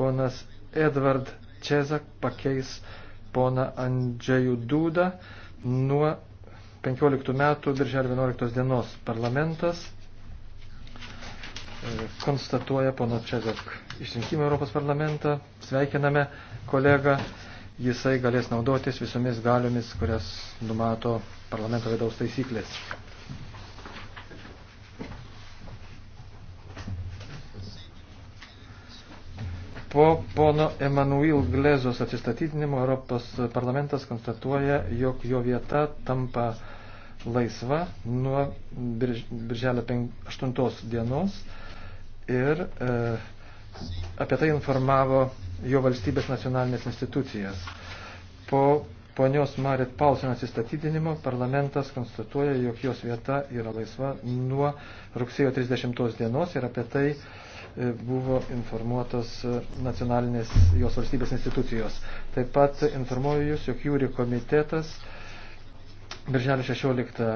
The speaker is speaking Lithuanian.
ponas Edvard Čezak pakeis poną Andžejų Dūdą nuo 15 metų birželio 11 dienos parlamentas e, konstatuoja pono Čezak išrinkimą Europos parlamentą. Sveikiname kolegą, jisai galės naudotis visomis galiomis, kurias numato parlamento vidaus taisyklės. Po pono Emanuil Glezos atsistatydinimo Europos parlamentas konstatuoja, jog jo vieta tampa laisva nuo birželio 8 dienos ir e, apie tai informavo jo valstybės nacionalinės institucijas. Po ponios Marit Paulsen atsistatydinimo parlamentas konstatuoja, jog jos vieta yra laisva nuo rugsėjo 30 dienos ir apie tai e, E, buvo informuotos e, nacionalinės jos valstybės institucijos. Taip pat informuoju Jūs, jog jūri komitetas Birželio 16